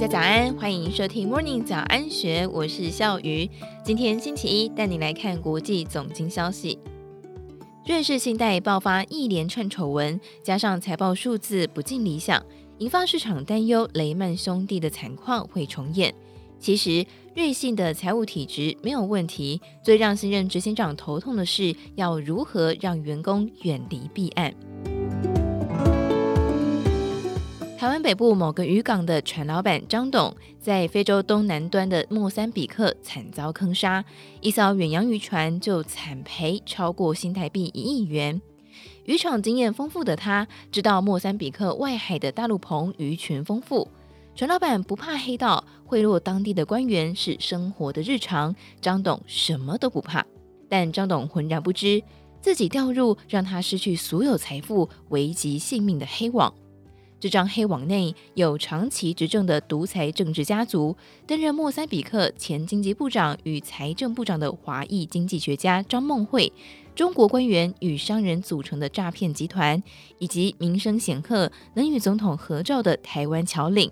大家早安，歡迎收聽 Morning 早安學，我是笑魚，今天星期一，帶你來看國際總經消息。瑞士信貸爆發一連串醜聞，加上財報數字不盡理想，引發市場擔憂雷曼兄弟的慘況會重演。其實，瑞信的財務體質沒有問題，最讓新任執行長頭痛的是要如何讓員工遠離弊案。台灣北部某個漁港的船老闆張董，在非洲東南端的莫三比克慘遭坑殺，一艘遠洋漁船就慘賠超過新台幣一億元。漁場經驗豐富的他，知道莫三比克外海的大陸棚魚群豐富。船老闆不怕黑道，賄賂當地的官員是生活的日常。張董什麼都不怕，但張董渾然不知，自己掉入讓他失去所有財富、危及性命的黑網。這張黑網內有長期執政的獨裁政治家族、擔任莫三比克前經濟部長與財政部長的華裔經濟學家張夢慧、中國官員與商人組成的詐騙集團、以及名聲顯赫能與總統合照的台灣僑領，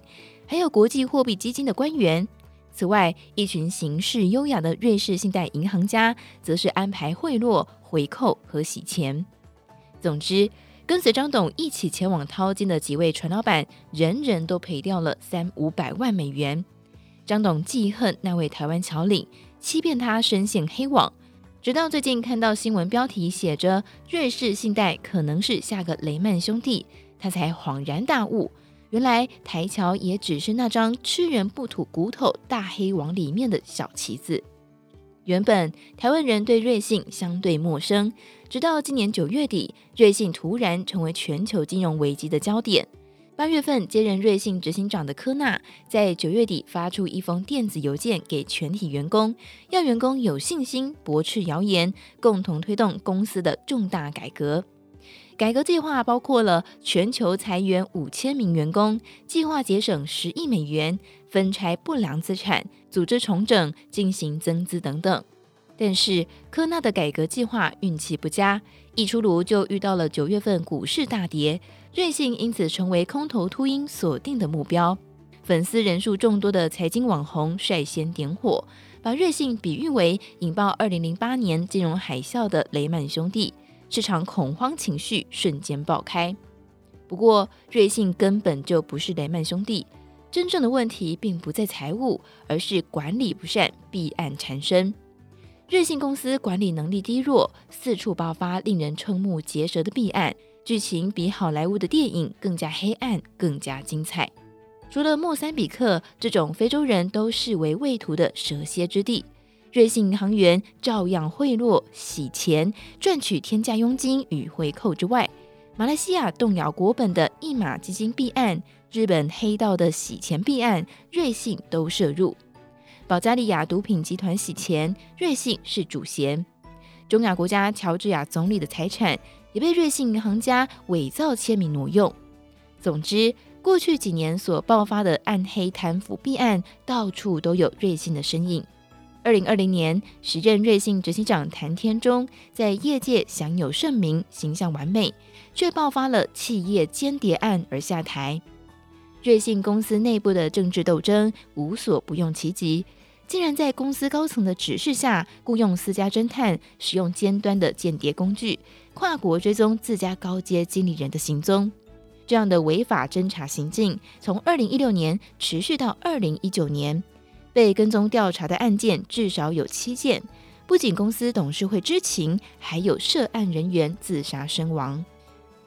還有國際貨幣基金的官員。此外，一群行事優雅的瑞士信貸銀行家，則是安排賄賂、回扣和洗錢。總之。跟隨張董一起前往淘金的幾位船老闆，人人都賠掉了三五百萬美元。張董記恨那位台灣僑領，欺騙他深陷黑網，直到最近看到新聞標題寫着“瑞士信貸可能是下個雷曼兄弟”，他才恍然大悟，原來台僑也只是那張吃人不吐骨頭大黑網裡面的小棋子。原本台灣人對瑞信相對陌生，直到今年九月底，瑞信突然成為全球金融危機的焦點。八月份接任瑞信執行長的科納，在九月底發出一封電子郵件給全體員工，要員工有信心駁斥謠言，共同推動公司的重大改革。改革計劃包括了全球裁員五千名員工，計劃節省十億美元。分拆不良資產、組織重整、進行增資等等，但是科納的改革計劃運氣不佳，一出爐就遇到了九月份股市大跌，瑞信因此成為空頭禿鷹鎖定的目標。粉絲人數眾多的財經網紅率先點火，把瑞信比喻為引爆二零零八年金融海嘯的雷曼兄弟，市場恐慌情緒瞬間爆開。不過，瑞信根本就不是雷曼兄弟。真正的問題並不在財務，而是管理不善，弊案纏身。瑞信公司管理能力低弱，四處爆發令人瞠目結舌的弊案，劇情比好萊塢的電影更加黑暗，更加精彩。除了莫三比克這種非洲人都視為畏途的蛇蠍之地，瑞信銀行員照樣賄賂、洗錢，賺取天價佣金與回扣之外。馬來西亞動搖國本的一馬基金弊案，日本黑道的洗錢弊案，瑞信都涉入；保加利亞毒品集團洗錢，瑞信是主嫌；中亞國家喬治亞總理的財產也被瑞信銀行家偽造簽名挪用。總之，過去幾年所爆發的暗黑貪腐弊案，到處都有瑞信的身影。二零二零年，時任瑞信執行長譚天中在業界享有盛名，形象完美，卻爆發了企業間諜案而下台。瑞信公司內部的政治鬥爭無所不用其極，竟然在公司高層的指示下，僱傭私家偵探，使用尖端的間諜工具，跨國追蹤自家高階經理人的行蹤。這樣的違法偵查行徑，從二零一六年持續到二零一九年。被跟蹤調查的案件至少有七件，不僅公司董事會知情，還有涉案人員自殺身亡。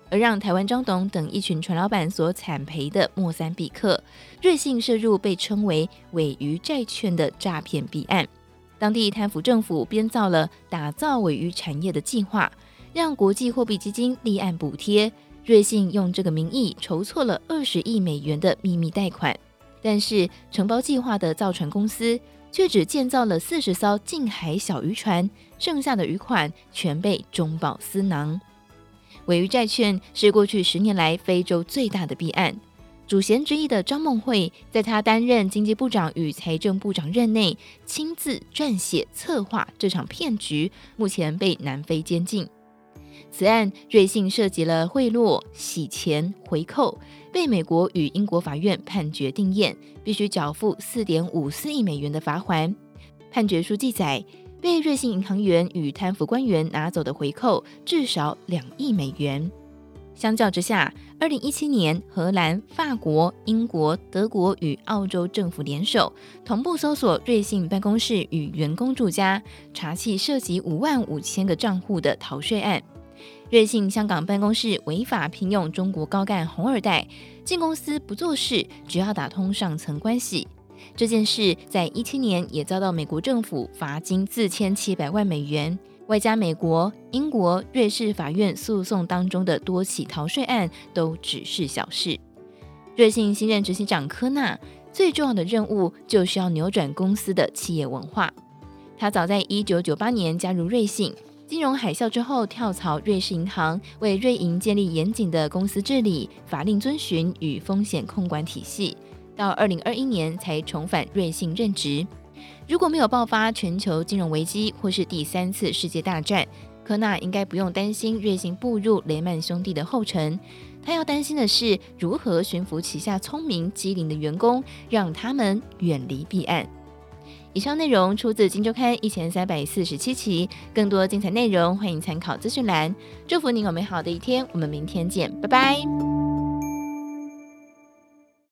而讓台灣張董等一群船老闆所慘賠的莫三比克瑞信涉入被稱為“鮪魚債券”的詐騙弊案，當地貪腐政府編造了打造鮪魚產業的計劃，讓國際貨幣基金立案補貼，瑞信用這個名義籌措了二十億美元的祕密貸款。但是，承包計劃的造船公司卻只建造了四十艘近海小漁船，剩下的餘款全被中飽私囊。鮪魚債券是過去十年來非洲最大的弊案。主嫌之一的張夢慧在他擔任經濟部長與財政部長任內，親自撰寫策劃這場騙局，目前被南非監禁。此案，瑞信涉及了賄賂、洗錢、回扣，被美國與英國法院判決定讞，必須繳付四點五四億美元的罰款。判決書記載，被瑞信銀行員與貪腐官員拿走的回扣至少兩億美元。相較之下，二零一七年，荷蘭、法國、英國、德國與澳洲政府聯手，同步搜索瑞信辦公室與員工住家，查緝涉及五萬五千個賬戶的逃稅案。瑞信香港辦公室違法聘用中國高幹“紅二代”，進公司不做事，只要打通上層關係。這件事在一七年也遭到美國政府罰金四千七百萬美元，外加美國、英國、瑞士法院訴訟當中的多起逃稅案，都只是小事。瑞信新任執行長科納最重要的任務，就是要扭轉公司的企業文化。他早在一九九八年加入瑞信。金融海嘯之後跳槽，瑞士銀行為瑞銀建立嚴謹的公司治理、法令遵循與風險控管體系，到二零二一年才重返瑞信任職。如果沒有爆發全球金融危機或是第三次世界大戰，科納應該不用擔心瑞信步入雷曼兄弟的後塵。他要擔心的是如何馴服旗下聰明機靈的員工，讓他們遠離弊案。以上內容出自《今周刊》一千三百四十七期，更多精彩內容歡迎參考資訊欄。祝福您有美好的一天，我們明天見，拜拜。